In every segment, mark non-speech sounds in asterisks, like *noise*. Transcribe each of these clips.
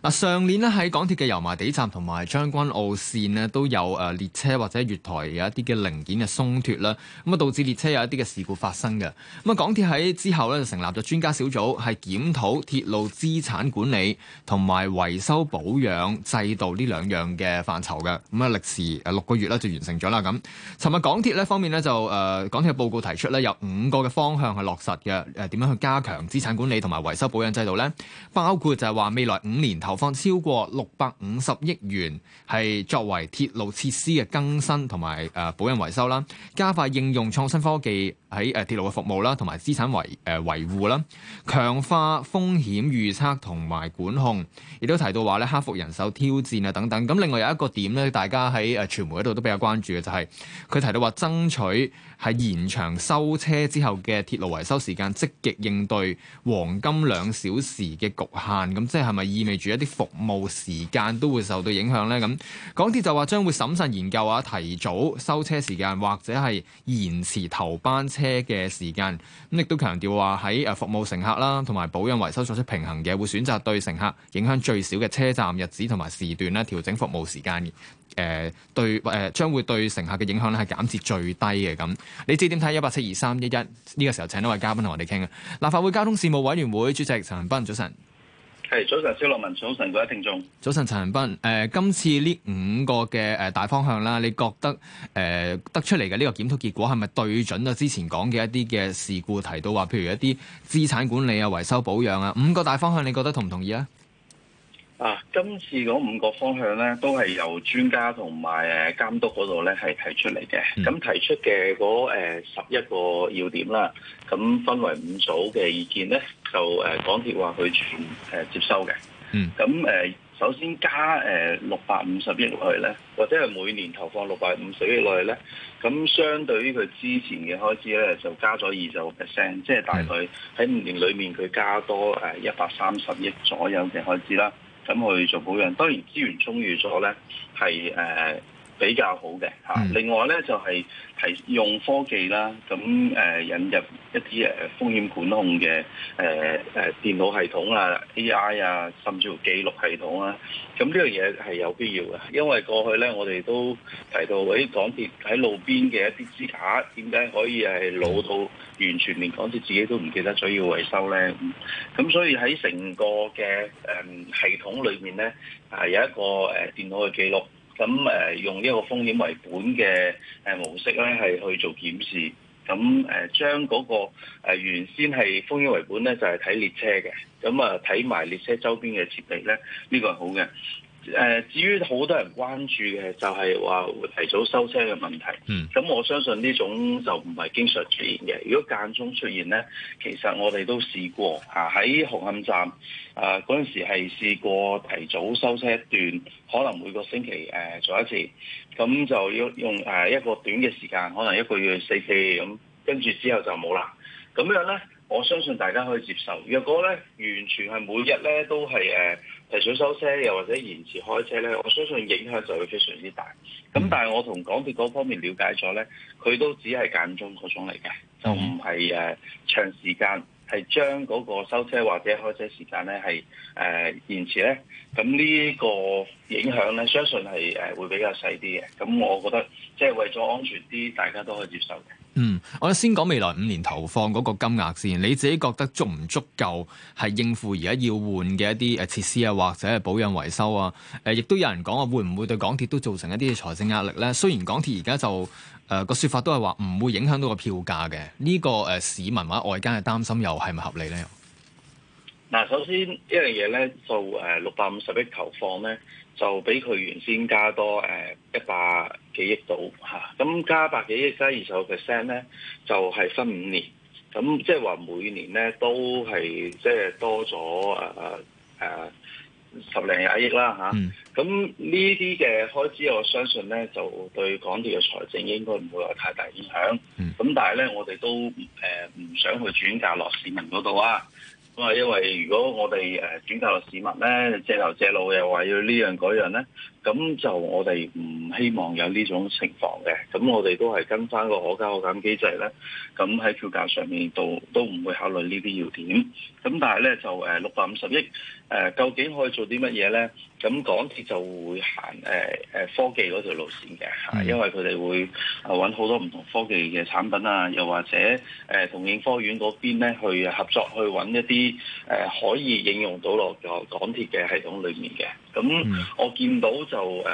嗱，上年呢喺港鐵嘅油麻地站同埋將軍澳線呢都有誒列車或者月台有一啲嘅零件嘅鬆脱啦，咁啊導致列車有一啲嘅事故發生嘅。咁啊，港鐵喺之後咧就成立咗專家小組，係檢討鐵路資產管理同埋維，維修保養制度呢兩樣嘅範疇嘅。咁啊，歷時誒六個月咧就完成咗啦。咁，尋日港鐵呢方面呢就誒港鐵嘅報告提出咧有五個嘅方向係落實嘅，誒點樣去加強資產管理同埋維修保養制度呢？包括就係話未來五年。投放超過六百五十億元，係作為鐵路設施嘅更新同埋誒保養維修啦，加快應用創新科技喺誒鐵路嘅服務啦，同埋資產維誒維護啦，強化風險預測同埋管控，亦都提到話咧克服人手挑戰啊等等。咁另外有一個點咧，大家喺誒傳媒嗰度都比較關注嘅就係、是、佢提到話爭取，係延長收車之後嘅鐵路維修時間，積極應對黃金兩小時嘅局限。咁即係係咪意味住一啲服務時間都會受到影響呢？咁港鐵就話將會審慎研究啊，提早收車時間或者係延遲頭班車嘅時間。咁亦都強調話喺誒服務乘客啦，同埋保養維修作出平衡嘅，會選擇對乘客影響最少嘅車站日子同埋時段咧調整服務時間嘅。誒、呃、對誒、呃，將會對乘客嘅影響咧係減至最低嘅咁。你知點睇，一八七二三一一呢個時候，請一位嘉賓同我哋傾啊！立法會交通事務委員會主席陳恒鑌，早晨。係，早晨，蕭樂文，早晨，各位聽眾。早晨，陳恒鑌。誒、呃，今次呢五個嘅誒大方向啦，你覺得誒得出嚟嘅呢個檢討結果係咪對準咗之前講嘅一啲嘅事故，提到話譬如一啲資產管理啊、維修保養啊，五個大方向，你覺得、呃、得、你覺得同唔同意啊？啊！今次嗰五個方向咧，都係由專家同埋誒監督嗰度咧係提出嚟嘅。咁、嗯、提出嘅嗰十一個要點啦，咁分為五組嘅意見咧，就誒、呃、港鐵話佢全誒、呃、接收嘅。嗯。咁誒、呃，首先加誒六百五十億落去咧，或者係每年投放六百五十億落去咧，咁相對於佢之前嘅開支咧，就加咗二十 percent，即係大概喺五年裡面佢加多誒一百三十億左右嘅開支啦。咁去做保養，當然資源充裕咗咧，係誒。呃比較好嘅吓、啊、另外咧就係、是、係用科技啦、咁、啊、引入一啲誒、啊、風險管控嘅誒誒電腦系統啦、啊、AI 啊，甚至乎記錄系統啦、咁、啊、呢樣嘢係有必要嘅，因為過去咧我哋都提到，誒港鐵喺路邊嘅一啲支架點解可以係老到完全連港鐵自己都唔記得需要維修咧？咁、嗯、所以喺成個嘅誒、嗯、系統裏面咧，係、啊、有一個誒、呃、電腦嘅記錄。咁用呢個風險為本嘅模式咧，係去做檢視，咁將嗰個原先係風險為本咧，就係睇列車嘅，咁啊睇埋列車周邊嘅設備咧，呢個係好嘅。誒，至於好多人關注嘅就係話會提早收車嘅問題，咁、嗯、我相信呢種就唔係經常出現嘅。如果間中出現呢，其實我哋都試過嚇喺紅磡站啊嗰、呃、陣時係試過提早收車一段，可能每個星期誒、呃、做一次，咁就要用、呃、一個短嘅時間，可能一個月四四咁，跟住之後就冇啦。咁樣呢，我相信大家可以接受。若果呢，完全係每日呢都係誒，呃提早收車，又或者延遲開車咧，我相信影響就會非常之大。咁但係我同港鐵嗰方面了解咗咧，佢都只係間中嗰種嚟嘅，就唔係誒長時間係將嗰個收車或者開車時間咧係誒延遲咧。咁呢個影響咧，相信係誒會比較細啲嘅。咁我覺得即係為咗安全啲，大家都可以接受嘅。嗯，我先講未來五年投放嗰個金額先，你自己覺得足唔足夠係應付而家要換嘅一啲誒設施啊，或者係保養維修啊？誒，亦都有人講話會唔會對港鐵都造成一啲嘅財政壓力咧？雖然港鐵而家就誒個、呃、說法都係話唔會影響到個票價嘅，呢個誒市民或者外間嘅擔心又係咪合理咧？嗱，首先呢樣嘢咧就誒六百五十億投放咧。就比佢原先加多誒一百幾億度嚇，咁加百幾億加二十個 percent 咧，就係、是、分五年，咁即係話每年咧都係即係多咗誒誒十零廿億啦嚇。咁呢啲嘅開支，我相信咧就對港鐵嘅財政應該唔會有太大影響。咁、mm. 但係咧，我哋都唔想去轉嫁落市民嗰度啊。咁啊，因為如果我哋誒轉頭市民咧，借頭借路又話，要這樣那樣呢樣嗰樣咧。咁就我哋唔希望有呢種情況嘅，咁我哋都係跟翻個可加可減機制咧，咁喺票價上面度都唔會考慮呢啲要點。咁但係咧就誒六百五十億、呃、究竟可以做啲乜嘢咧？咁港鐵就會行、呃、科技嗰條路線嘅，係嘅因為佢哋會揾好多唔同科技嘅產品啊，又或者、呃、同應科院嗰邊咧去合作去，去揾一啲可以應用到落個港鐵嘅系統裏面嘅。咁、嗯、我見到就誒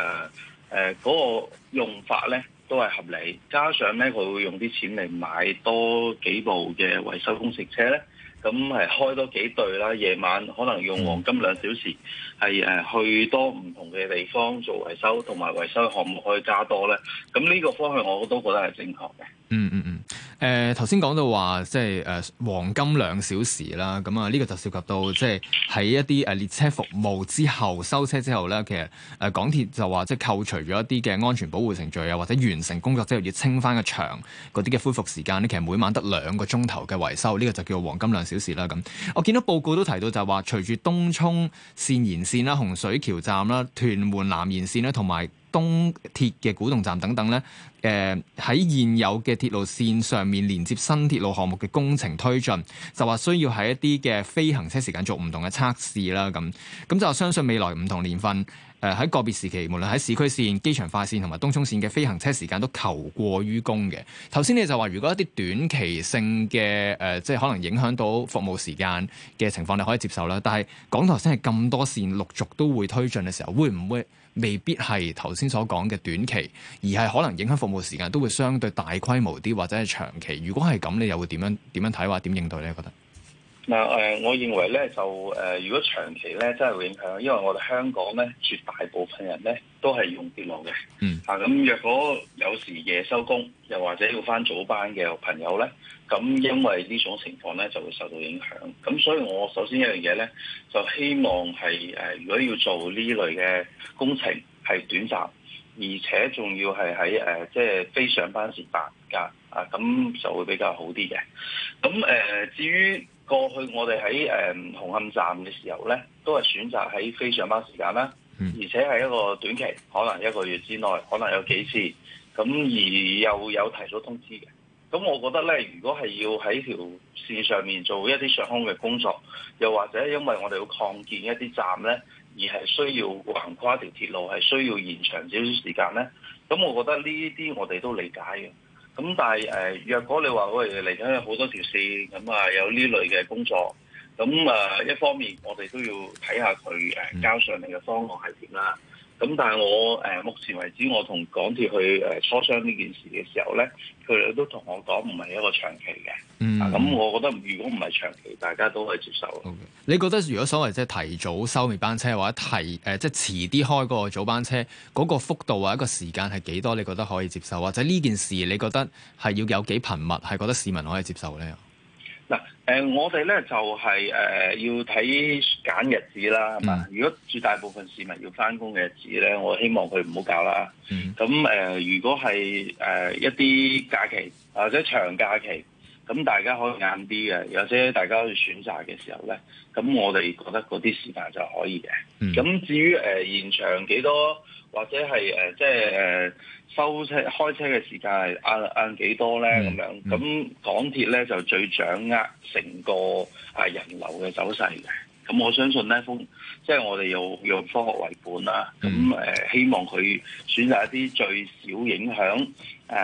誒嗰個用法咧都係合理，加上咧佢會用啲錢嚟買多幾部嘅維修工程車咧，咁係開多幾對啦，夜晚可能用黃金兩小時。嗯去多唔同嘅地方做維修，同埋維修項目可以揸多咧。咁呢個方向我都覺得係正確嘅、嗯。嗯嗯嗯。誒頭先講到話，即係誒黃金兩小時啦。咁啊，呢個就涉及到即係喺一啲誒列車服務之後收車之後咧，其實誒港鐵就話即係扣除咗一啲嘅安全保護程序啊，或者完成工作之後要清翻個場嗰啲嘅恢復時間咧，其實每晚得兩個鐘頭嘅維修，呢、呢個就叫黃金兩小時啦。咁我見到報告都提到就係話，隨住東涌線延。線啦、洪水橋站啦、屯門南延線啦，同埋東鐵嘅古洞站等等咧，誒喺現有嘅鐵路線上面連接新鐵路項目嘅工程推進，就話需要喺一啲嘅非行車時間做唔同嘅測試啦，咁咁就相信未來唔同年份。誒喺個別時期，無論喺市區線、機場快線同埋東涌線嘅飛行車時間都求過於供嘅。頭先你就話，如果一啲短期性嘅誒、呃，即係可能影響到服務時間嘅情況，你可以接受啦。但係講頭先係咁多線陸續都會推進嘅時候，會唔會未必係頭先所講嘅短期，而係可能影響服務時間都會相對大規模啲，或者係長期。如果係咁，你又會點樣點樣睇，或點應對呢？覺得？嗱誒、呃，我認為咧，就誒、呃，如果長期咧，真係會影響，因為我哋香港咧，絕大部分人咧，都係用電腦嘅。嗯。啊，咁若果有時夜收工，又或者要翻早班嘅朋友咧，咁因為呢種情況咧，就會受到影響。咁所以我首先一樣嘢咧，就希望係誒、呃，如果要做呢類嘅工程，係短暫，而且仲要係喺誒，即係非上班時間噶。啊，咁就會比較好啲嘅。咁誒、呃，至於，過去我哋喺誒紅磡站嘅時候咧，都係選擇喺非上班時間啦，嗯、而且係一個短期，可能一個月之內，可能有幾次，咁而又有提早通知嘅。咁我覺得咧，如果係要喺條線上面做一啲上空嘅工作，又或者因為我哋要擴建一啲站咧，而係需要橫跨一條鐵路，係需要延長少少時間咧，咁我覺得呢啲我哋都理解嘅。咁、嗯、但係、呃、若果你話喂，嚟緊、啊、有好多條線，咁啊有呢類嘅工作，咁啊一方面我哋都要睇下佢誒、呃、交上嚟嘅方案係點啦。咁但係我、呃、目前為止我同港鐵去誒磋、呃、商呢件事嘅時候咧，佢哋都同我講唔係一個長期嘅。嗯，咁、啊、我覺得如果唔係長期，大家都可以接受。Okay. 你覺得如果所謂即係提早收尾班車，或者提誒即係遲啲開個早班車嗰、那個幅度或一個時間係幾多？你覺得可以接受？或者呢件事你覺得係要有幾頻密，係覺得市民可以接受咧？呃、我哋咧就係、是、誒、呃、要睇揀日子啦，係嘛、嗯？如果絕大部分市民要返工嘅日子咧，我希望佢唔好搞啦。咁誒、嗯呃，如果係誒、呃、一啲假期或者長假期。咁大家可以晏啲嘅，或者大家去選擇嘅時候咧，咁我哋覺得嗰啲時間就可以嘅。咁、嗯、至於誒、呃、延長幾多，或者係即係收車開車嘅時間係晏晏幾多咧？咁、嗯、樣咁港鐵咧就最掌握成個人流嘅走勢嘅。咁我相信咧，即係、就是、我哋要，要用科學為本啦。咁、嗯呃、希望佢選擇一啲最少影響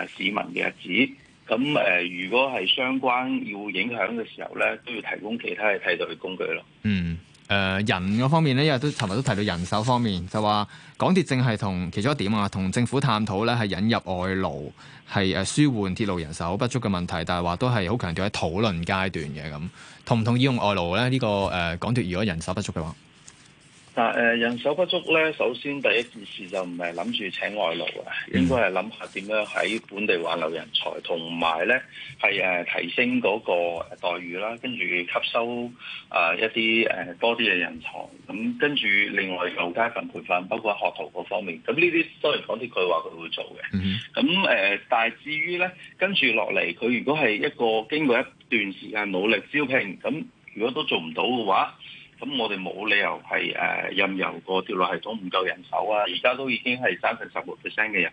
市民嘅日子。咁誒、呃，如果係相關要影響嘅時候咧，都要提供其他嘅替代嘅工具咯。嗯，誒、呃、人嗰方面咧，因為都尋日都提到人手方面，就話港鐵正係同其中一點啊，同政府探討咧係引入外勞，係舒緩鐵路人手不足嘅問題，但係話都係好強調喺討論階段嘅咁，同唔同意用外勞咧？呢、呢個誒、呃、港鐵如果人手不足嘅話。但誒、呃，人手不足咧，首先第一件事就唔係諗住請外勞呀，mm hmm. 應該係諗下點樣喺本地挽留人才，同埋咧係提升嗰個待遇啦，跟住吸收、呃、一啲、呃、多啲嘅人才，咁、嗯、跟住另外又加一份培訓，包括學徒嗰方面，咁呢啲雖然講啲句話，佢會做嘅。咁誒、mm hmm. 嗯呃，但係至於咧，跟住落嚟，佢如果係一個經過一段時間努力招聘，咁如果都做唔到嘅話，咁我哋冇理由係誒、呃、任由個調落系統唔夠人手啊！而家都已經係三成十六 percent 嘅人，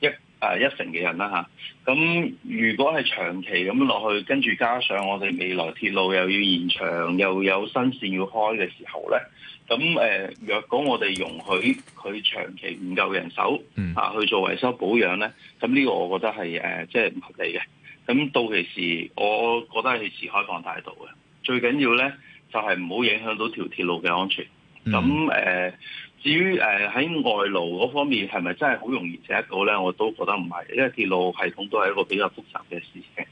一誒、呃、一成嘅人啦、啊、嚇。咁、啊、如果係長期咁落去，跟住加上我哋未來鐵路又要延長，又有新線要開嘅時候咧，咁誒、呃、若果我哋容許佢長期唔夠人手啊去做維修保養咧，咁呢個我覺得係誒即係唔合理嘅。咁到其時，我覺得係持開放態度嘅，最緊要咧。就係唔好影響到條鐵路嘅安全。咁誒，mm hmm. 至於誒喺外勞嗰方面，係咪真係好容易請一個咧？我都覺得唔係，因為鐵路系統都係一個比較複雜嘅事情。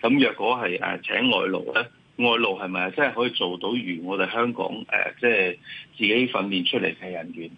咁若果係誒請外勞咧，外勞係咪真係可以做到如我哋香港即係、就是、自己訓練出嚟嘅人員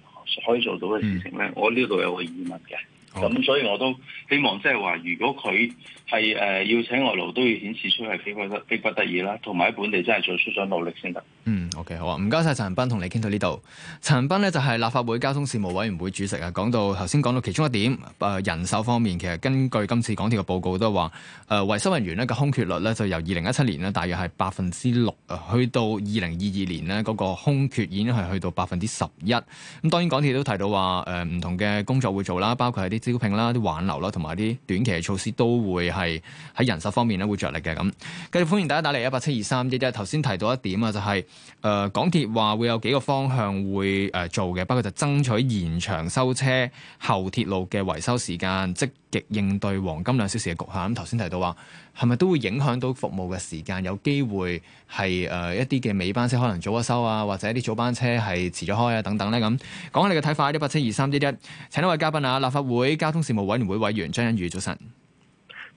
可以做到嘅事情咧？Mm hmm. 我呢度有個疑問嘅。咁所以我都希望，即係話，如果佢係誒要請外勞，都要顯示出係迫不得迫不得已啦，同埋喺本地真係做出咗努力先得。嗯，OK，好啊，唔該晒。陳恒鑌，同你傾到呢度。陳恒鑌呢就係、是、立法會交通事務委員會主席啊，講到頭先講到其中一點，誒、呃、人手方面，其實根據今次港鐵嘅報告都係話，誒維修人員呢嘅空缺率呢，就由二零一七年呢大約係百分之六啊，去到二零二二年呢嗰、那個空缺已經係去到百分之十一。咁、嗯、當然港鐵都提到話誒唔同嘅工作會做啦，包括係啲。招聘啦、啲挽留啦，同埋啲短期嘅措施都會係喺人手方面咧會着力嘅。咁繼續歡迎大家打嚟一八七二三一一。頭先提到一點啊，就是，就係誒港鐵話會有幾個方向會誒做嘅，不過就爭取延長收車後鐵路嘅維修時間，積極應對黃金兩小時嘅局限。咁頭先提到話，係咪都會影響到服務嘅時間？有機會係誒、呃、一啲嘅尾班車可能早一收啊，或者一啲早班車係遲咗開啊，等等咧咁。講下你嘅睇法一八七二三一一。1, 2, 3, 2, 3, 2, 3, 2. 請一位嘉賓啊，立法會,立法會交通事務委員會委員張欣宇早晨。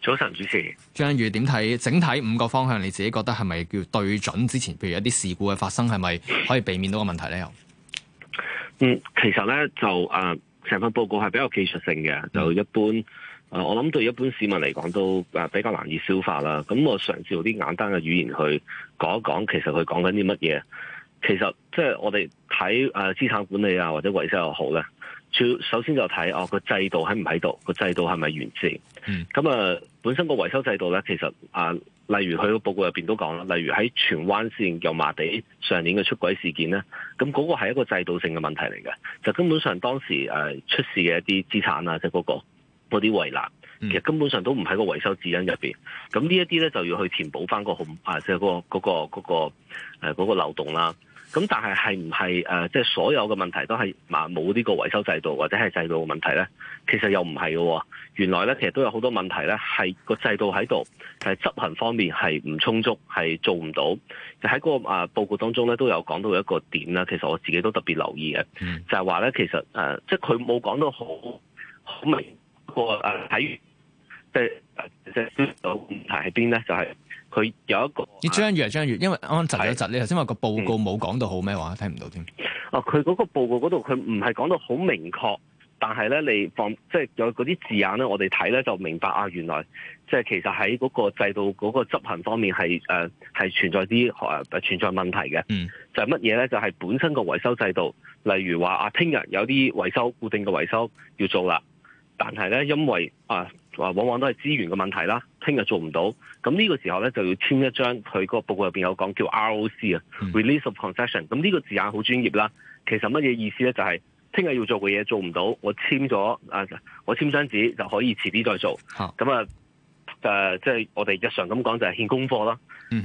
早晨，早晨主持張欣宇點睇整體五個方向？你自己覺得係咪叫對準之前？譬如一啲事故嘅發生係咪可以避免到個問題咧？又 *laughs* 嗯，其實咧就啊，成、呃、份報告係比較技術性嘅，就一般。嗯啊，我諗對一般市民嚟講都啊比較難以消化啦。咁我嘗試用啲簡單嘅語言去講一講，其實佢講緊啲乜嘢？其實即係我哋睇啊資產管理啊或者維修又好咧，要首先就睇哦個制度喺唔喺度？個制度係咪完善？咁啊、嗯呃，本身個維修制度咧，其實啊、呃，例如佢個報告入邊都講啦，例如喺荃灣綫油麻地上年嘅出軌事件咧，咁嗰個係一個制度性嘅問題嚟嘅，就根本上當時誒、呃、出事嘅一啲資產啊，即係嗰個。嗰啲圍欄，其實根本上都唔喺個維修指引入面。咁呢一啲咧就要去填補翻、嗰個空，啊、嗰個，即、嗰、係個嗰、嗰個嗰、嗰個嗰、嗰個、漏洞啦。咁但係係唔係誒，即、呃、係、就係、所有嘅問題都係冇呢個維修制度或者係制度嘅問題咧？其實又唔係嘅，原來咧其實都有好多問題咧，係個制度喺度，係執行方面係唔充足，係做唔到。就喺、係、嗰個啊報告當中咧都有講到一個點啦，其實我自己都特別留意嘅，就係話咧其實誒、呃，即係佢冇講到好好明。個誒睇，即係即係，到問題喺邊咧？就係、是、佢有一個。你將住啊，將住，因為安集一集。是你頭先話個報告冇講到好咩話，聽唔到添。哦，佢嗰個報告嗰度，佢唔係講到好明確，但係咧，你放即係有嗰啲字眼咧，我哋睇咧就明白啊。原來即係其實喺嗰個制度嗰個執行方面係誒係存在啲誒、呃、存在問題嘅。嗯，就係乜嘢咧？就係、是、本身個維修制度，例如話啊，聽日有啲維修固定嘅維修要做啦。但係咧，因為啊，啊，話往往都係資源嘅問題啦。聽日做唔到，咁呢個時候咧就要簽一張佢個報告入面有講叫 R O C 啊，Release of Concession、嗯。咁呢個字眼好專業啦。其實乜嘢意思咧？就係聽日要做嘅嘢做唔到，我簽咗啊，我簽張紙就可以遲啲再做。咁好啊，即係即係我哋日常咁講就係欠功課啦。咁、嗯、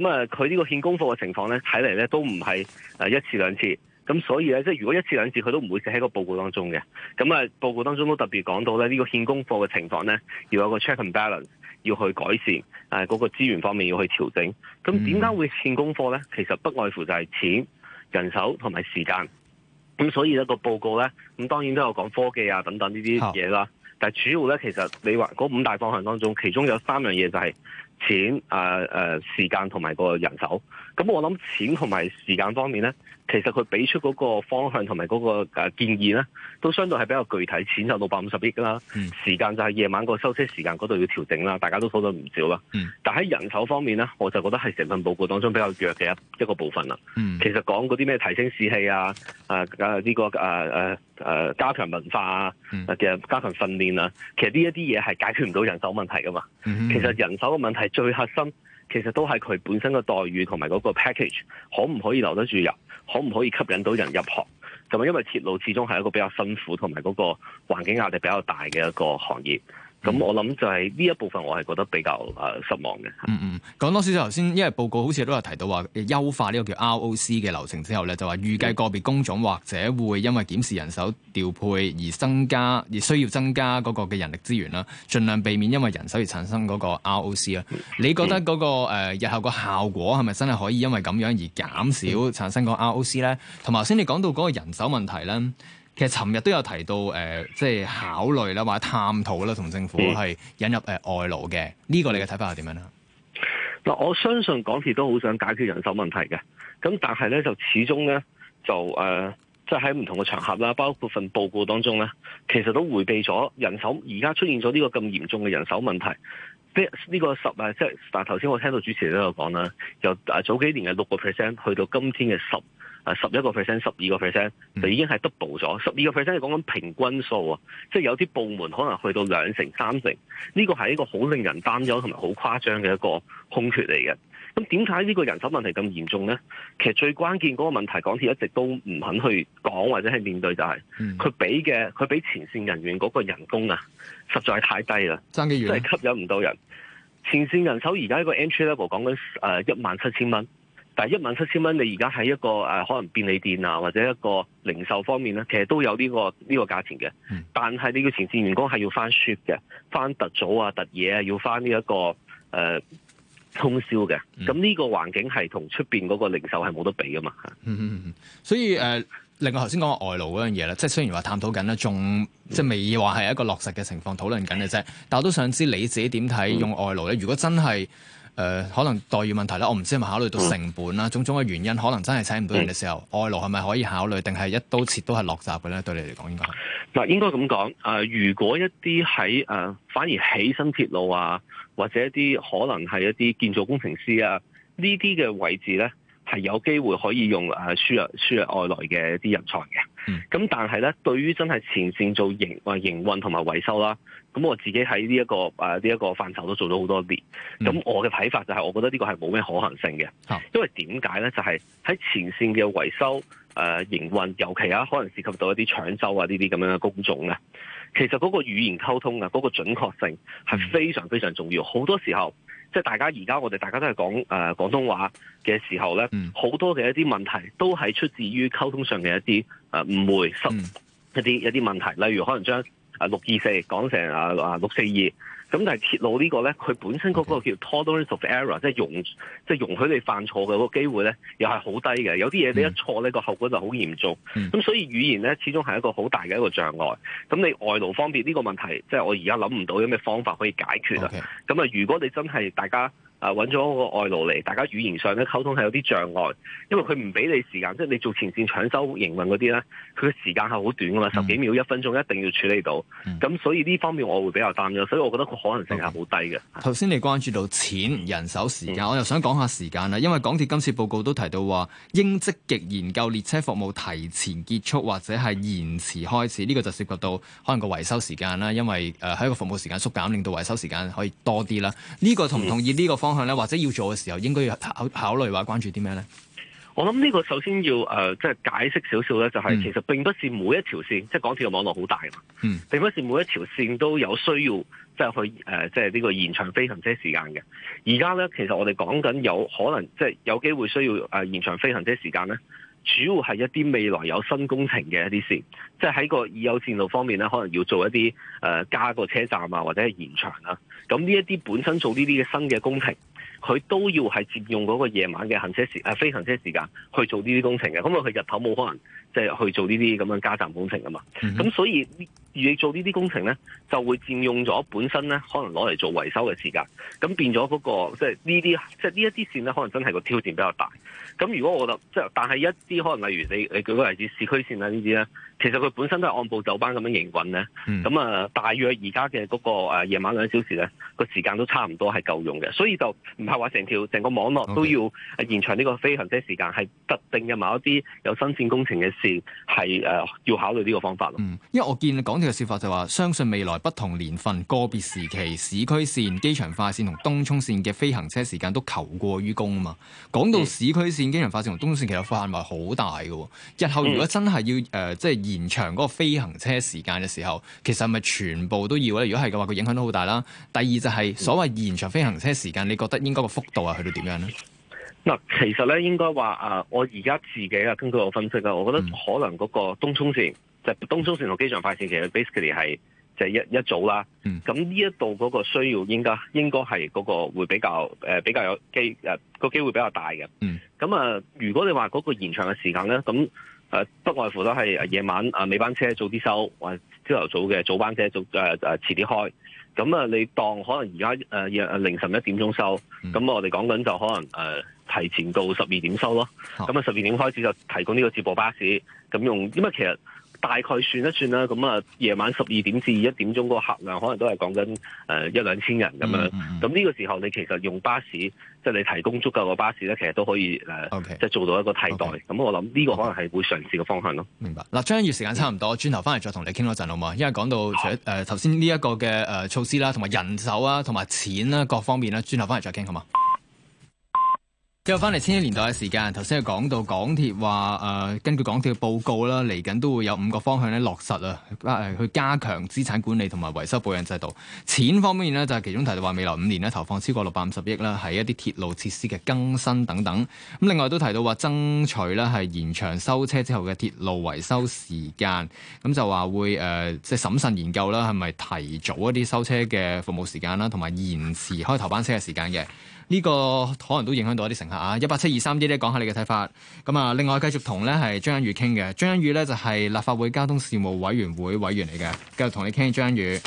哼 *laughs* 啊，佢呢個欠功課嘅情況咧，睇嚟咧都唔係誒一次兩次。咁所以咧，即係如果一次兩次，佢都唔會寫喺個報告當中嘅。咁啊，報告當中都特別講到咧，呢個欠功課嘅情況咧，要有個 check and balance，要去改善，呃、嗰個資源方面要去調整。咁點解會欠功課咧？嗯、其實不外乎就係錢、人手同埋時間。咁所以咧個報告咧，咁當然都有講科技啊等等呢啲嘢啦。好但主要咧，其實你話嗰五大方向當中，其中有三樣嘢就係錢、誒、呃、誒、呃、時間同埋個人手。咁我諗錢同埋時間方面咧，其實佢俾出嗰個方向同埋嗰個建議咧，都相對係比較具體。錢就六百五十億啦，嗯、時間就係夜晚個收車時間嗰度要調整啦，大家都討論唔少啦。嗯、但喺人手方面咧，我就覺得係成份報告當中比較弱嘅一一個部分啦。嗯、其實講嗰啲咩提升士氣啊、誒、啊、呢、呢個誒誒誒加強文化啊、其實加強訓練啊，其實呢一啲嘢係解決唔到人手問題噶嘛。嗯、哼其實人手嘅問題最核心。其實都係佢本身嘅待遇同埋嗰個 package，可唔可以留得住人，可唔可以吸引到人入行，就係因為鐵路始終係一個比較辛苦同埋嗰個環境壓力比較大嘅一個行業。咁、嗯、我諗就係呢一部分，我係覺得比較、呃、失望嘅。嗯嗯，講多少少，頭先，因為報告好似都有提到話優化呢個叫 R O C 嘅流程之後咧，就話預計個別工種或者會因為檢視人手調配而增加而需要增加嗰個嘅人力資源啦，盡量避免因為人手而產生嗰個 R O C 啦、嗯。你覺得嗰、那個、嗯呃、日後個效果係咪真係可以因為咁樣而減少產生個 R O C 咧？同埋頭先你講到嗰個人手問題咧。其實尋日都有提到誒、呃，即係考慮啦，或者探討啦，同政府係引入誒外勞嘅呢、嗯、個，你嘅睇法係點樣咧？嗱，我相信港鐵都好想解決人手問題嘅，咁但係咧就始終咧就誒，即係喺唔同嘅場合啦，包括份報告當中咧，其實都迴避咗人手，而家出現咗呢個咁嚴重嘅人手問題。呢呢個十啊，即係但係頭先我聽到主持人都有講啦，由啊早幾年嘅六個 percent 去到今天嘅十啊十一個 percent 十二個 percent，就已經係 double 咗十二個 percent。係講緊平均數啊，即係有啲部門可能去到兩成三成，呢、這個係一個好令人擔憂同埋好誇張嘅一個空缺嚟嘅。咁點解呢個人手問題咁嚴重咧？其實最關鍵嗰個問題，港鐵一直都唔肯去講或者係面對、就是，就係佢俾嘅佢俾前線人員嗰個人工啊，實在太低啦！真係吸引唔到人。前線人手而家、呃、一個 n t r y level 講緊誒一萬七千蚊，但一萬七千蚊你而家喺一個誒可能便利店啊或者一個零售方面咧，其實都有呢、這個呢、這個價錢嘅。嗯、但係你要前線員工係要翻 shift 嘅，翻特早啊、特夜啊，要翻呢一個誒。呃通宵嘅，咁呢個環境係同出面嗰個零售係冇得比噶嘛？嗯嗯嗯，所以誒、呃，另外頭先講外勞嗰樣嘢啦，即係雖然話探討緊啦，仲即係未話係一個落實嘅情況，討論緊嘅啫。嗯、但我都想知你自己點睇用外勞咧？如果真係誒、呃、可能待遇問題啦，我唔知係咪考慮到成本啦，嗯、種種嘅原因，可能真係請唔到人嘅時候，嗯、外勞係咪可以考慮，定係一刀切都係落閘嘅咧？對你嚟講應該係嗱，應該咁講誒，如果一啲喺、呃、反而起身鐵路啊。或者一啲可能係一啲建造工程師啊，呢啲嘅位置呢係有機會可以用誒、啊、輸入輸入外來嘅一啲人才嘅。咁、嗯、但係呢，對於真係前線做營誒、啊、營運同埋維修啦，咁我自己喺呢一個誒呢一個範疇都做咗好多年。咁、嗯、我嘅睇法就係，我覺得呢個係冇咩可行性嘅。啊、因為點解呢？就係、是、喺前線嘅維修誒、啊、營運，尤其啊可能涉及到一啲搶修啊呢啲咁樣嘅工種呢。其實嗰個語言溝通啊，嗰、那個準確性係非常非常重要。好多時候，即係大家而家我哋大家都係講誒、呃、廣東話嘅時候咧，好、嗯、多嘅一啲問題都係出自於溝通上嘅一啲誒、呃、誤會失、嗯一、一啲一啲問題，例如可能將誒六二四講成啊啊六四二。咁但係鐵路呢個咧，佢本身嗰個叫 tolerance of error，Okay. 即係容，即係容許你犯錯嘅嗰個機會咧，又係好低嘅。有啲嘢你一錯咧，個、mm. 後果就好嚴重。咁、mm. 所以語言咧，始終係一個好大嘅一個障礙。咁你外勞方面呢個問題，即係我而家諗唔到有咩方法可以解決啦。咁啊，如果你真係大家，揾咗個外勞嚟，大家語言上咧，溝通係有啲障礙，因為佢唔俾你時間，即係你做前線搶修營運嗰啲呢，佢嘅時間係好短噶嘛，嗯、十幾秒、一分鐘，一定要處理到。咁、嗯、所以呢方面我會比較擔憂，所以我覺得個可能性係好低嘅。頭先、嗯、你關注到錢、嗯、人手、時間，嗯、我又想講下時間啦，因為港鐵今次報告都提到話，應積極研究列車服務提前結束或者係延遲開始，呢、呢個就涉及到可能個維修時間啦，因為喺一個服務時間縮減，令到維修時間可以多啲啦。呢、呢個同唔同意呢個方？嗯或者要做嘅時候，應該要考考慮話關注啲咩咧？我諗呢個首先要誒，即係解釋少少咧，就係其實並不是每一條線，嗯、即係港鐵嘅網絡好大嘛，嗯，並不是每一條線都有需要即係去誒，即係呢個延長飛行車時間嘅。而家咧，其實我哋講緊有可能，即係有機會需要誒延長飛行車時間咧。主要係一啲未來有新工程嘅一啲線，即係喺個已有線路方面咧，可能要做一啲誒、呃、加個車站啊，或者係延長啊。咁呢一啲本身做呢啲嘅新嘅工程，佢都要係佔用嗰個夜晚嘅行車時誒、呃、非行車時間去做呢啲工程嘅。咁啊，佢日頭冇可能即係去做呢啲咁樣加站工程㗎嘛。咁、嗯、哼所以要做呢啲工程咧，就會佔用咗本身咧可能攞嚟做維修嘅時間。咁變咗嗰、嗰個即係呢啲即係呢一啲線咧，可能真係個挑戰比較大。咁如果我覺得即係，但係一啲可能例如你你舉個例子，市區線啊呢啲咧，其實佢本身都係按部就班咁樣營運咧。咁啊、嗯，那大約而家嘅嗰個誒夜晚兩小時咧，個時間都差唔多係夠用嘅。所以就唔係話成條成個網絡都要延長呢個飛行車時間係 Okay, 特定嘅某一啲有新線工程嘅線係誒要考慮呢個方法咯、嗯。因為我見你講講條說法就話、是、相信未來不同年份、個別時期、市區線、機場快線同東涌線嘅飛行車時間都求過於供啊嘛。講 Okay, 到市區線。機場快線同東涌線其實範圍好大嘅，日後如果真係要誒、嗯呃，即係延長嗰個飛行車時間嘅時候，其實係咪全部都要咧？如果係嘅話，佢影響都好大啦。第二就係所謂延長飛行車時間，你覺得應該個幅度係去到點樣咧？嗱，其實咧應該話啊，我而家自己啊，根據我分析啊，我覺得可能嗰個東涌線、嗯、就係東涌線同機場快線其實 basically 係。就係一一早啦，咁呢一度嗰個需要應該應該係嗰個會比較、呃、比較有機誒、啊、個機會比較大嘅。咁啊、嗯，如果你話嗰個延長嘅時間咧，咁誒不外乎都係夜晚啊尾班車早啲收，或朝頭早嘅早班車早誒誒、啊啊、遲啲開。咁啊，你當可能而家誒夜凌晨一點鐘收，咁、嗯、我哋講緊就可能誒、呃、提前到十二點收咯。咁啊，十二點開始就提供呢個接駁巴士，咁用因為其實。大概算一算啦，咁啊，夜晚十二點至一點鐘嗰個客量，可能都係講緊誒一兩千人咁樣。咁呢、嗯嗯嗯、個時候，你其實用巴士，即、就、係、是、你提供足夠個巴士咧，其實都可以誒，即係 okay,、呃、做到一個替代。咁 okay, 我諗呢個可能係會嘗試嘅方向咯。明白。嗱，將要時間差唔多，轉、嗯、頭翻嚟再同你傾多陣好嘛？因為講到除咗誒頭先呢一個嘅誒、呃、措施啦，同埋人手啊，同埋錢啦、啊、各方面啦，轉頭翻嚟再傾好嘛？又翻嚟千禧年代嘅時間，頭先係講到港鐵話誒、呃，根據港鐵嘅報告啦，嚟緊都會有五個方向咧落實啊、呃，去加強資產管理同埋維修保養制度。錢方面咧，就係、是、其中提到話，未來五年咧投放超過六百五十億啦，喺一啲鐵路設施嘅更新等等。咁另外都提到話，爭取咧係延長收車之後嘅鐵路維修時間。咁就話會誒，即、呃、係、就是、審慎研究啦，係咪提早一啲收車嘅服務時間啦，同埋延遲開頭班車嘅時間嘅。呢個可能都影響到一啲乘客啊！一八七二三啲咧講下你嘅睇法。咁啊，另外繼續同咧係張欣宇傾嘅，張欣宇咧就係、是、立法會交通事務委員會委員嚟嘅，繼續同你傾張欣宇。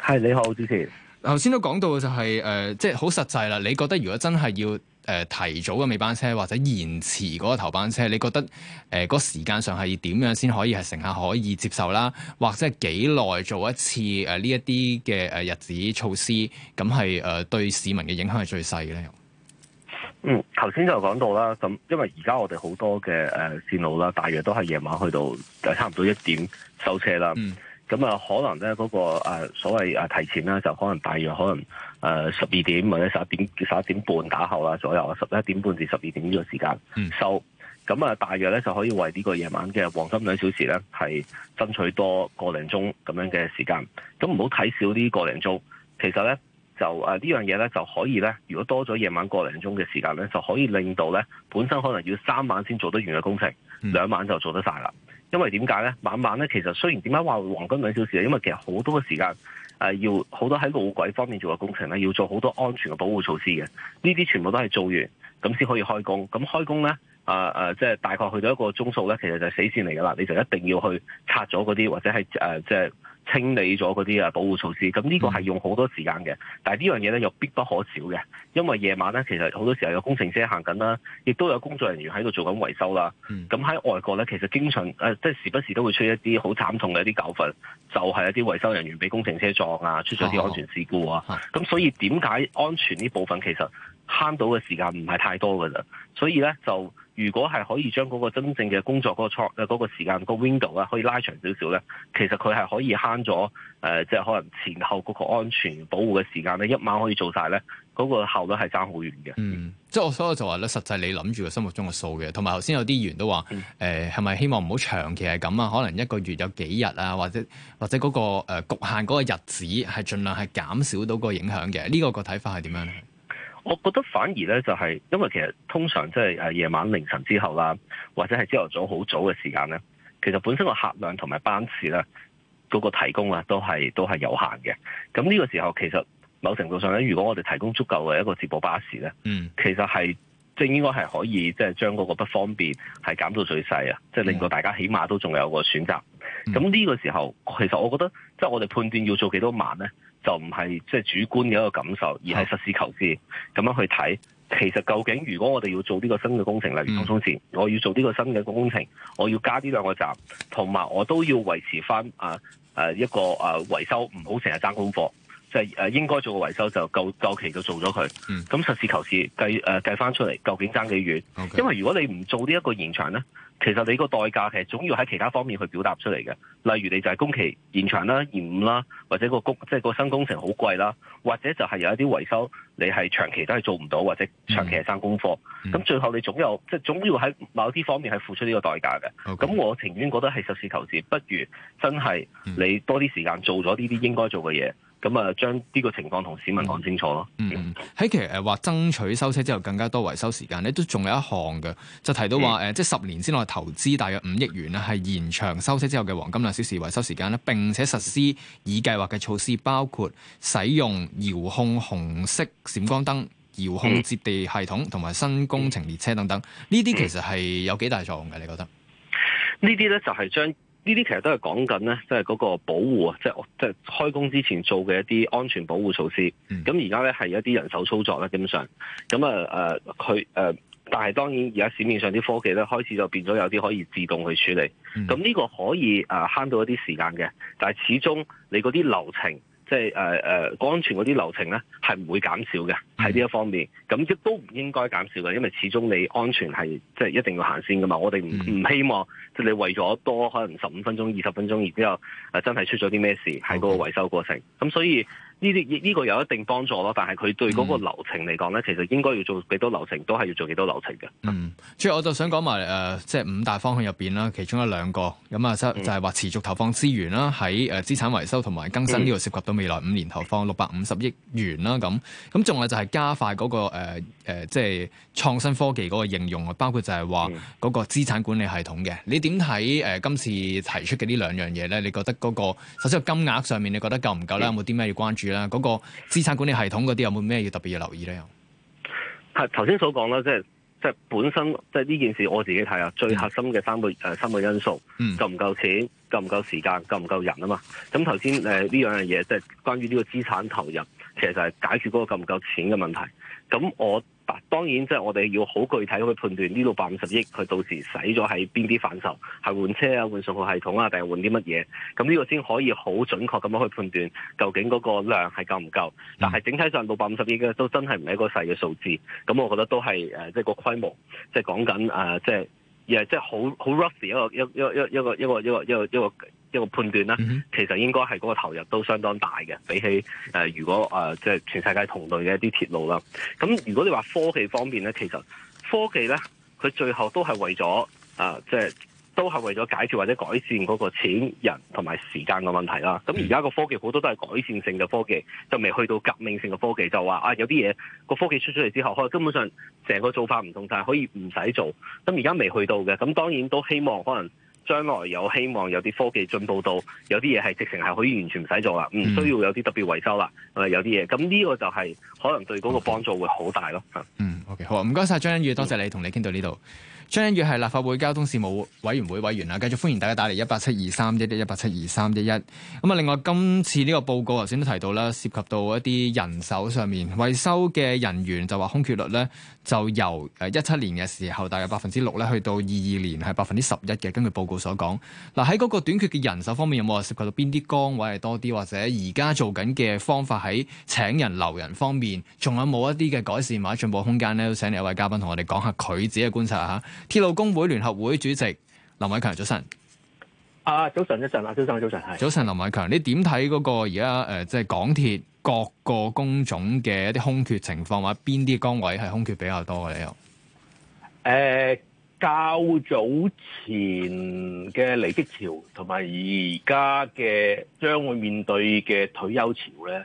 係，你好，主持。頭先都講到就係、是、誒，即係好實際啦。你覺得如果真係要誒、呃、提早嘅尾班車或者延遲嗰個頭班車，你覺得誒嗰、呃那個、時間上係點樣先可以係乘客可以接受啦？或者係幾耐做一次誒呢一啲嘅誒日子措施，咁係誒對市民嘅影響係最細嘅咧？嗯，頭先就講到啦，咁因為而家我哋好多嘅誒、呃、線路啦，大約都係夜晚去到差唔多一點收車啦。嗯咁啊，可能咧嗰、嗰個、呃、所謂提前呢，就可能大約可能誒十二點或者十一點十一點半打後啦，左右啊，十一點半至十二點呢個時間收。咁啊，大約咧就可以為呢個夜晚嘅黃金兩小時咧，係爭取多個零鐘咁樣嘅時間。咁唔好睇少啲個零鐘，其實咧就誒、呃、呢樣嘢咧就可以咧，如果多咗夜晚個零鐘嘅時間咧，就可以令到咧本身可能要三晚先做得完嘅工程，嗯、兩晚就做得晒啦。因為點解咧？晚晚咧，其實雖然點解話黃金兩小時咧，因為其實好多嘅時間誒，要、呃、好多喺路軌方面做嘅工程咧，要做好多安全嘅保護措施嘅。呢啲全部都係做完，咁先可以開工。咁開工咧，誒、呃、誒、呃，即係大概去到一個鐘數咧，其實就係死線嚟㗎啦，你就一定要去拆咗嗰啲或者係誒、呃、即係。清理咗嗰啲啊保護措施，咁呢個係用好多時間嘅，嗯、但係呢樣嘢咧又必不可少嘅，因為夜晚咧其實好多時候有工程車行緊啦，亦都有工作人員喺度做緊維修啦。咁喺、嗯、外國咧，其實經常誒即係時不時都會出一啲好慘痛嘅一啲教訓，就係、是、一啲維修人員俾工程車撞啊，出咗啲安全事故、哦、啊。咁所以點解安全呢部分其實慳到嘅時間唔係太多㗎啦，所以咧就。如果係可以將嗰個真正嘅工作嗰個錯嘅嗰個時間、個 window 咧，可以拉長少少咧，其實佢係可以慳咗誒，即、呃、係、就是、可能前後嗰個安全保護嘅時間咧，一晚可以做晒咧，嗰、個效率係爭好遠嘅。嗯，即係我所以就話咧，實際你諗住嘅心目中嘅數嘅，同埋頭先有啲議員都話誒，係、呃、咪希望唔好長期係咁啊？可能一個月有幾日啊，或者或者嗰、個、呃、局限嗰個日子係盡量係減少到個影響嘅。呢、呢個個睇法係點樣咧？我覺得反而咧，就是，就係因為其實通常即係夜晚凌晨之後啦，或者係朝頭早好早嘅時間咧，其實本身個客量同埋班次咧，嗰個提供啊，都係都係有限嘅。咁呢個時候其實某程度上咧，如果我哋提供足夠嘅一個接駁巴士咧，嗯，其實係正、就是、應該係可以即係將嗰個不方便係減到最細啊，即、就、係、是、令到大家起碼都仲有個選擇。咁呢個時候，其實我覺得即係、就是、我哋判斷要做幾多晚咧？就唔係即係主觀嘅一個感受，而係實事求是咁樣去睇。其實究竟如果我哋要做呢個新嘅工程，例如東涌綫，我要做呢個新嘅工程，我要加呢兩個站，同埋我都要維持翻啊，啊一個啊維修，唔好成日爭功課。就係誒應該做嘅維修就夠夠期就做咗佢，咁、嗯、實事求是計誒、呃、計翻出嚟究竟爭幾遠？Okay. 因為如果你唔做呢一個延長咧，其實你個代價其實總要喺其他方面去表達出嚟嘅。例如你就係工期延長啦、延誤啦，或者、那個即係、就是、個新工程好貴啦，或者就係有一啲維修你係長期都係做唔到，或者長期係生功課。咁、嗯、最後你總有即係、就是、總要喺某啲方面係付出呢個代價嘅。咁 Okay. 我情願覺得係實事求是，不如真係你多啲時間做咗呢啲應該做嘅嘢。咁啊，將呢個情況同市民講清楚咯。嗯，喺其實話爭取收車之後更加多維修時間咧，都仲有一項嘅，就提到話、嗯、即十年之內投資大約五億元咧，係延長收車之後嘅黃金兩小時維修時間咧，並且實施已計劃嘅措施，包括使用遙控紅色閃光燈、遙控接地系統同埋新工程列車等等。呢啲其實係有幾大作用嘅，你覺得？呢啲咧就係將。呢啲其實都係講緊咧，即係嗰個保護，即係即係開工之前做嘅一啲安全保護措施。咁而家咧係一啲人手操作咧，基本上，咁啊誒，佢、呃、誒、呃，但係當然而家市面上啲科技咧開始就變咗有啲可以自動去處理。咁呢個可以誒慳、呃、到一啲時間嘅，但係始終你嗰啲流程。即係誒誒安全嗰啲流程咧，係唔會減少嘅，係呢一方面，咁亦都唔應該減少嘅，因為始終你安全係即係一定要行先噶嘛。我哋唔唔希望即你為咗多可能十五分鐘、二十分鐘，然之後誒真係出咗啲咩事，係嗰個維修過程。咁 Okay. 所以。呢啲呢個有一定幫助咯，但係佢對嗰個流程嚟講咧，嗯、其實應該要做幾多流程，都係要做幾多流程嘅。嗯，所以我就想講埋誒，即、呃、係、就是、五大方向入邊啦，其中一兩個咁啊，嗯嗯、就就係話持續投放資源啦，喺誒資產維修同埋更新呢度，嗯、涉及到未來五年投放六百五十億元啦，咁咁仲有就係加快嗰、嗰個誒即係創新科技嗰個應用啊，包括就係話嗰個資產管理系統嘅。嗯、你點睇誒今次提出嘅呢兩樣嘢咧？你覺得嗰、嗰個首先個金額上面，你覺得夠唔夠咧？嗯、有冇啲咩要關注？啦，嗰個資產管理系統嗰啲有冇咩要特別要留意咧？又係頭先所講啦，即係即係本身即係呢件事我自己睇下最核心嘅三個誒三個因素，嗯，mm. 夠唔夠錢？夠唔夠時間？夠唔夠人啊嘛？咁頭先誒呢兩樣嘢，即係關於呢個資產投入，其實就係解決嗰個夠唔夠錢嘅問題。咁我。嗱，當然即係我哋要好具體去判斷呢六百五十億，佢到時使咗喺邊啲範疇，係換車啊、換信號系統啊，定係換啲乜嘢？咁呢個先可以好準確咁樣去判斷究竟嗰個量係夠唔夠。但係整體上六百五十億嘅都真係唔係一個細嘅數字。咁我覺得都係誒，即係個規模，即係講緊誒，即係。亦即係好好 rough 一個一一一一個一個一個一個一個一個判斷啦，mm hmm. 其實應該係嗰個投入都相當大嘅，比起誒、呃、如果誒即係全世界同類嘅一啲鐵路啦。咁如果你話科技方面咧，其實科技咧佢最後都係為咗啊即係。呃即係都係為咗解決或者改善嗰個錢、人同埋時間嘅問題啦。咁而家個科技好多都係改善性嘅科技，就未去到革命性嘅科技。就話啊，有啲嘢個科技出咗嚟之後，可能根本上成個做法唔同，但係，可以唔使做。咁而家未去到嘅，咁當然都希望可能將來有希望有啲科技進步到，有啲嘢係直情係可以完全唔使做啦，唔需要有啲特別維修啦，嗯、有啲嘢。咁呢個就係可能對嗰個幫助會好大咯。嗯，OK，好啊，唔該晒張欣宇，多謝你同你傾到呢度。張欣宇係立法會交通事務委員會委員啦，繼續歡迎大家打嚟一八七二三一一一八七二三一一。咁啊，另外今次呢個報告頭先都提到啦，涉及到一啲人手上面維修嘅人員就話空缺率咧，就由一七年嘅時候大約百分之六咧，去到二二年係百分之十一嘅。根據報告所講，嗱喺嗰個短缺嘅人手方面，有冇涉及到邊啲崗位係多啲，或者而家做緊嘅方法喺請人留人方面，仲有冇一啲嘅改善或者進步空間咧？都請另一位嘉賓同我哋講下佢自己嘅觀察吓。鐵路工會聯合會主席林偉強，早晨。啊，早晨，早晨啊，早晨，早晨。係早晨，林偉強，你點睇嗰個而家誒，即、呃、係、就是、港鐵各個工種嘅一啲空缺情況，或者邊啲崗位係空缺比較多嘅理由？誒、呃，較早前嘅離職潮，同埋而家嘅將會面對嘅退休潮咧，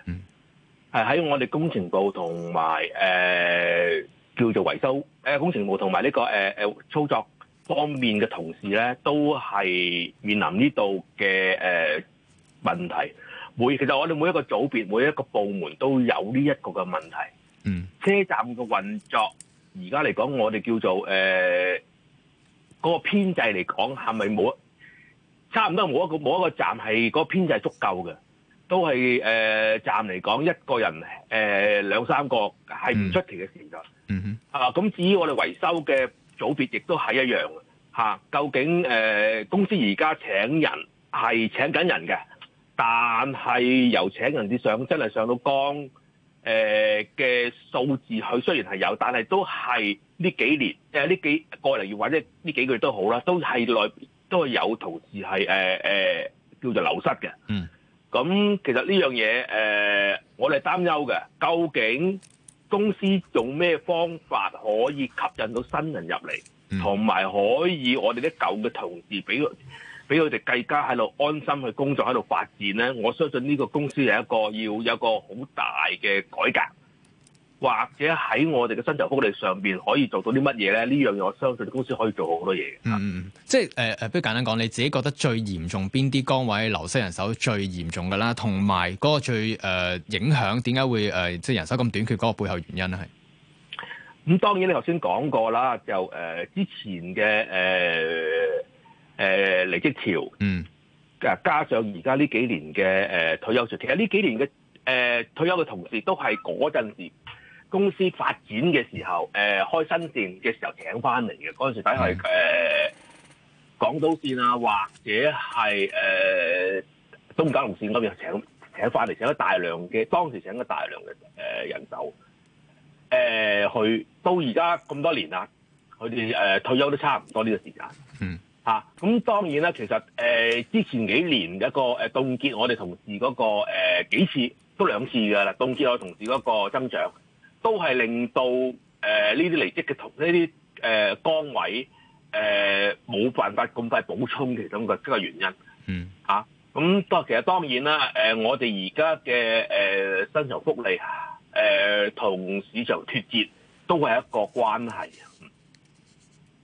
係喺、嗯、我哋工程部同埋誒。呃叫做維修誒工程部，同埋呢個誒誒操作方面嘅同事咧，都係面臨呢度嘅誒問題。每其實我哋每一個組別，每一個部門都有呢一個嘅問題。嗯，車站嘅運作而家嚟講，我哋叫做誒嗰個編制嚟講，係咪冇一差唔多冇一個冇一個站係嗰個編制足夠嘅？都係誒、呃，站嚟講一個人誒兩、呃、三個係唔出奇嘅事㗎。嗯哼，啊咁至於我哋維修嘅組別，亦都係一樣嚇、啊。究竟誒、呃、公司而家請人係請緊人嘅，但係由請人至上真係上到崗誒嘅數字，佢雖然係有，但係都係呢幾年誒呢、呃、幾過嚟月或者呢幾個月都好啦，都係內都係有同事係誒誒叫做流失嘅。嗯。咁其實呢樣嘢，誒、呃，我哋擔憂嘅，究竟公司用咩方法可以吸引到新人入嚟，同埋、嗯、可以我哋啲舊嘅同事俾，俾佢哋更加喺度安心去工作，喺度發展咧。我相信呢個公司係一個要有一個好大嘅改革。或者喺我哋嘅薪酬福利上邊可以做到啲乜嘢咧？呢樣嘢我相信公司可以做好多嘢。嗯，嗯即係誒誒，不、呃、如簡單講，你自己覺得最嚴重邊啲崗位流失人手最嚴重㗎啦，同埋嗰個最誒、呃、影響點解會誒即係人手咁短缺嗰個背後原因咧？係咁、嗯，當然你頭先講過啦，就誒、呃、之前嘅誒誒離職潮，嗯，加上而家呢幾年嘅誒、呃、退休潮，其實呢幾年嘅誒、呃、退休嘅同時同事都係嗰陣時。公司發展嘅時候，誒、呃、開新線嘅時候請翻嚟嘅嗰陣時，底係港島線啊，或者係誒、呃、東九龍線嗰邊請請翻嚟，請咗大量嘅當時請咗大量嘅、呃、人手。誒、呃、佢到而家咁多年啦，佢哋誒退休都差唔多呢個時間。嗯，咁、啊、當然啦，其實誒、呃、之前幾年一個誒凍、呃、結我哋同事嗰、那個誒、呃、幾次都兩次㗎啦，凍結我同事嗰個增長。都係令到誒呢啲離職嘅同呢啲誒崗位冇，呃、辦法咁快補充，其中嘅一個原因。嗯，嚇咁，但係，其實當然啦，誒、呃、我哋而家嘅誒薪酬福利誒同，呃、市場脫節都係一個關係。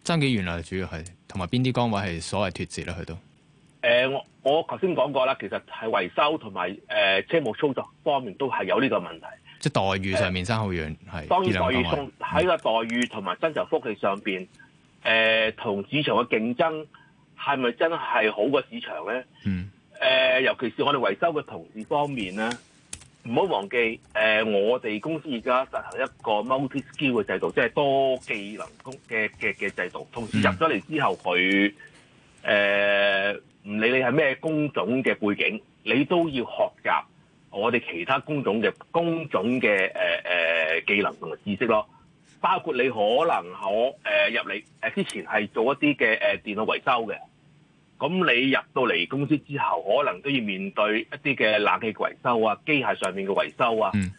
爭幾遠來，啊、主要係同埋邊啲崗位係所謂脫節啦，佢都誒我我頭先講過啦，其實係維修同埋誒車務操作方面都係有呢個問題。即係待遇上面差好遠，係、呃。當然待遇喺個待遇同埋薪酬福利上邊，誒、嗯，同、呃、市場嘅競爭係咪真係好過市場咧？嗯。誒、呃，尤其是我哋維修嘅同事方面咧，唔好忘記，誒、呃，我哋公司而家實行一個 multi-skill 嘅制度，即係多技能工嘅嘅嘅制度。同時入咗嚟之後，佢誒，唔、呃、理你係咩工種嘅背景，你都要學習。我哋其他工種嘅工種嘅誒誒技能同埋知識咯，包括你可能可誒入嚟誒之前係做一啲嘅誒電腦維修嘅，咁你入到嚟公司之後，可能都要面對一啲嘅冷氣維修啊、機械上面嘅維修啊，嗯、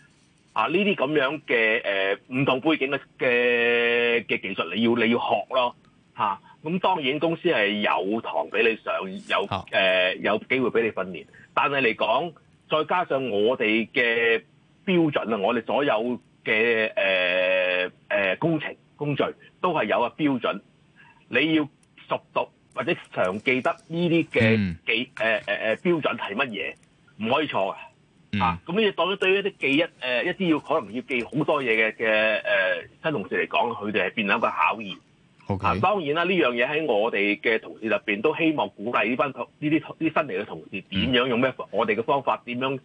啊呢啲咁樣嘅誒唔同背景嘅嘅嘅技術，你要你要學咯嚇、咁、啊、當然公司係有堂俾你上，有誒、呃、有機會俾你訓練，但係嚟講。再加上我哋嘅標準啊，我哋所有嘅誒誒工程工序都係有個標準，你要熟讀或者常記得呢啲嘅記誒誒誒標準係乜嘢，唔可以錯嘅啊！啊，咁呢啲對於一啲記憶、呃、一一啲要可能要記好多嘢嘅嘅誒新同事嚟講，佢哋係變咗一個考驗。嗱，Okay. 當然啦，呢樣嘢喺我哋嘅同事入邊都希望鼓勵呢班同呢啲呢新嚟嘅同事點樣用咩我哋嘅方法點樣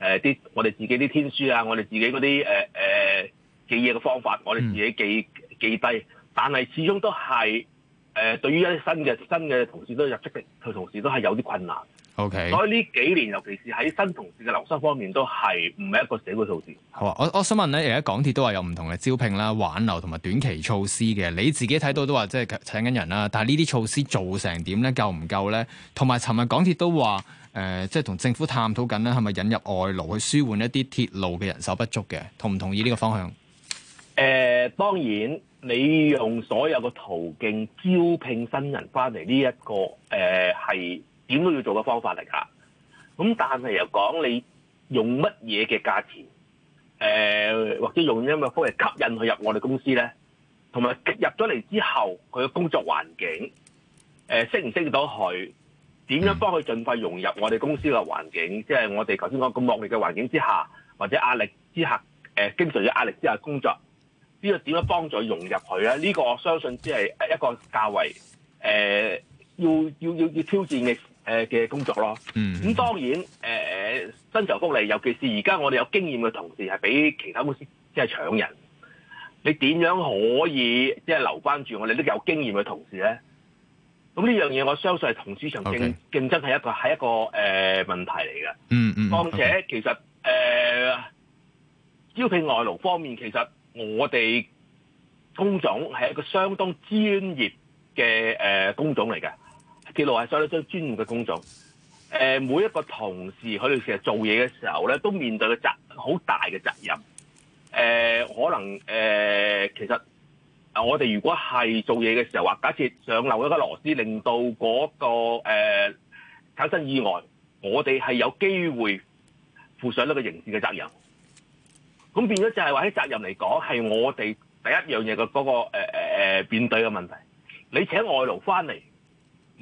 誒啲、呃、我哋自己啲天書啊，我哋自己嗰啲誒誒記嘢嘅方法，我哋自己記記低，但係始終都係誒、呃、對於一啲新嘅新嘅同事都入職嘅佢同事都係有啲困難。O.K.，所以呢幾年，尤其是喺新同事嘅流失方面，都係唔係一個社會數字。好啊，我我想問咧，而家港鐵都話有唔同嘅招聘啦、挽留同埋短期措施嘅。你自己睇到都話即係請緊人啦，但係呢啲措施做成點咧？夠唔夠咧？同埋尋日港鐵都話誒，即係同政府探討緊咧，係咪引入外勞去舒緩一啲鐵路嘅人手不足嘅？同唔同意呢個方向？誒、呃，當然你用所有嘅途徑招聘新人翻嚟呢一個誒係。呃是點都要做個方法嚟噶，咁但係又講你用乜嘢嘅價錢，誒、呃、或者用啲乜嘢方式吸引佢入我哋公司咧，同埋入咗嚟之後，佢嘅工作環境，誒適唔適應到佢？點樣幫佢盡快融入我哋公司嘅環境？即係我哋頭先講咁惡劣嘅環境之下，或者壓力之下，誒、呃、經常於壓力之下的工作，呢個點樣幫助融入佢咧？呢、這個我相信只係一個較為，誒、呃、要要要要挑戰嘅。誒嘅、呃、工作咯，咁、嗯、當然誒誒薪酬福利，尤其是而家，我哋有經驗嘅同事係俾其他公司即係搶人，你點樣可以即係留返住我哋都有經驗嘅同事咧？咁呢樣嘢，我相信係同市場競競爭，係一個係一個誒、呃、問題嚟嘅、嗯。嗯嗯。況且 Okay. 其實誒、呃、招聘外勞方面，其實我哋工種係一個相當專業嘅誒、呃、工種嚟嘅。鐵路係所有都專業嘅工作，誒、呃、每一個同事佢哋成日做嘢嘅時候咧，都面對嘅責好大嘅責任。誒、呃、可能誒、呃、其實我哋如果係做嘢嘅時候啊，假設上漏咗個螺絲，令到嗰、那個誒、呃、產生意外，我哋係有機會負上一個刑事嘅責任。咁變咗就係話喺責任嚟講，係我哋第一樣嘢嘅嗰個誒誒誒面對嘅問題。你請外勞翻嚟。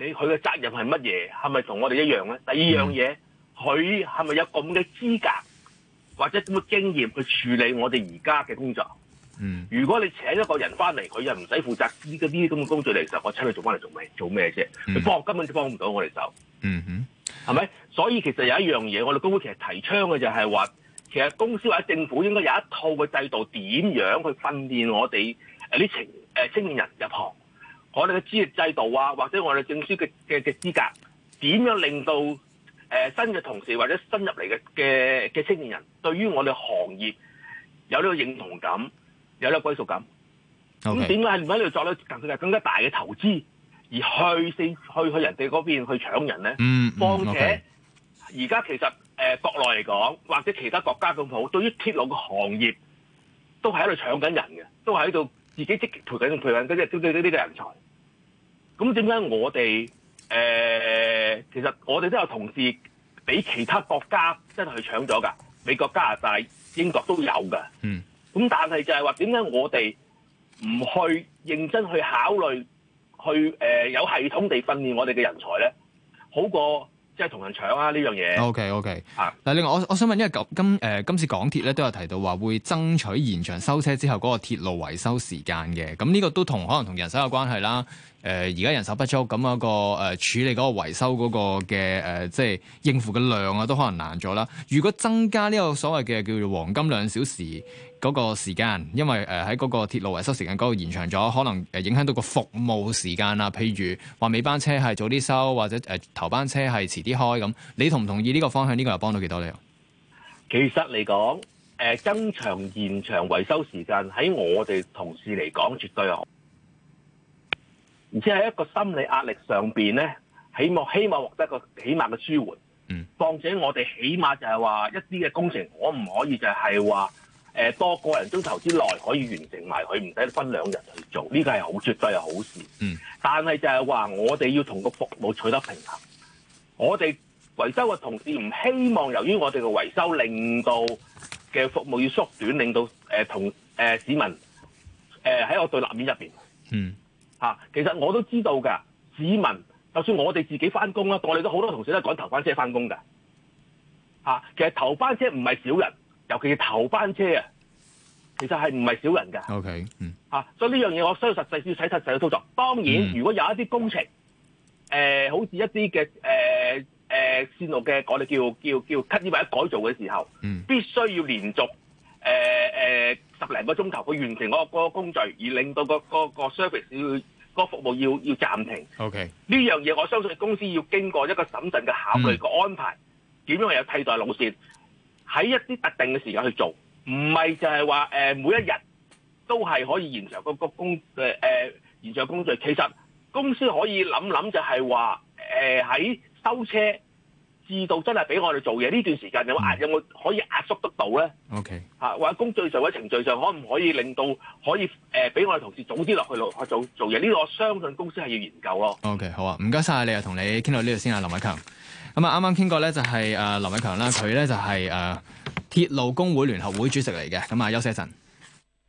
你佢嘅責任係乜嘢？係咪同我哋一樣咧？第二樣嘢，佢係咪有咁嘅資格或者咁嘅經驗去處理我哋而家嘅工作？嗯、mm，hmm. 如果你請一個人翻嚟，佢又唔使負責呢嗰啲咁嘅工作嚟，就我請佢做翻嚟做咩？做咩啫？佢幫根本就幫唔到我哋手。嗯哼、mm，係、hmm. 咪？所以其實有一樣嘢，我哋公會其實提倡嘅就係話，其實公司或者政府應該有一套嘅制度，點樣去訓練我哋誒啲青年人入行？我哋嘅資歷制度啊，或者我哋證書嘅嘅嘅資格，點樣令到誒、呃、新嘅同事或者新入嚟嘅嘅嘅青年人，對於我哋行業有呢個認同感，有呢個歸屬感。咁點解唔喺度作咗更加大嘅投資而去先去去人哋嗰邊去搶人咧？嗯、mm，hmm. 況且而家 Okay. 其實誒、呃、國內嚟講，或者其他國家咁好，對於鐵路嘅行業都係喺度搶緊人嘅，都喺度自己積極培養培養即係招到呢個人才。咁點解我哋誒、呃、其實我哋都有同事俾其他國家真係去搶咗㗎，美國、加拿大、英國都有㗎。嗯，咁但係就係話點解我哋唔去認真去考慮去，去、呃、有系統地訓練我哋嘅人才咧，好過？即係同人搶啊！呢樣嘢。O K O K 啊。嗱，另外我我想問，因為今今誒、呃、今次港鐵咧都有提到話會爭取延長收車之後嗰個鐵路維修時間嘅。咁呢個都同可能同人手有關係啦。誒而家人手不足，咁一個誒、呃、處理嗰個維修嗰個嘅誒、呃，即係應付嘅量啊，都可能難咗啦。如果增加呢個所謂嘅叫做黃金兩小時。嗰個時間，因為誒喺嗰個鐵路維修時間嗰度延長咗，可能誒影響到個服務時間啊。譬如話，尾班車係早啲收，或者誒、呃、頭班車係遲啲開咁。你同唔同意呢個方向？呢、呢個又幫到幾多你？其實嚟講，誒、呃、增長延長維修時間喺我哋同事嚟講絕對好，而且喺一個心理壓力上邊呢，起望希望獲得個起碼嘅舒緩。嗯，況且我哋起碼就係話一啲嘅工程可唔可以就係話？誒多個人鐘頭之內可以完成埋佢，唔使分兩日去做，呢、這個係好，絕對係好事。嗯，但係就係話，我哋要同個服務取得平衡。我哋維修嘅同事唔希望，由於我哋嘅維修令到嘅服務要縮短，令到、呃、同誒、呃、市民誒喺、呃、我對立面入面。嗯、啊，其實我都知道㗎，市民就算我哋自己翻工啦，我哋都好多同事都係趕頭班車翻工㗎。啊，其實頭班車唔係少人。尤其是頭班車啊，其實係唔係少人㗎？O K，嗯，嚇、啊，所以呢樣嘢我需要實際要睇實際嘅操作。當然，嗯、如果有一啲工程，誒、呃，好似一啲嘅誒誒線路嘅，我哋叫叫叫 cut 啲或者改造嘅時候，嗯、必須要連續誒誒、呃呃、十零個鐘頭去完成嗰個嗰個工序，而令到、個個、個 service 要、個服務要要暫停。O K，呢樣嘢我相信公司要經過一個審慎嘅考慮個安排，點、嗯、樣有替代路線。喺一啲特定嘅時間去做，唔係就係話、呃、每一日都係可以延長個個工誒誒延長工序。其實公司可以諗諗，就係話喺收車至到真係俾我哋做嘢呢段時間有，有壓、嗯、有冇可以壓縮得到咧？OK 嚇、啊，或者工序上或者程序上可唔可以令到可以誒俾、呃、我哋同事早啲落去落去做做嘢？呢個我相信公司係要研究咯。OK 好啊，唔該晒，你啊，同你傾到呢度先啊，林偉強。咁啊，啱啱傾過咧，就係誒林偉強啦，佢咧就係誒鐵路工會聯合會主席嚟嘅。咁啊，休息一陣。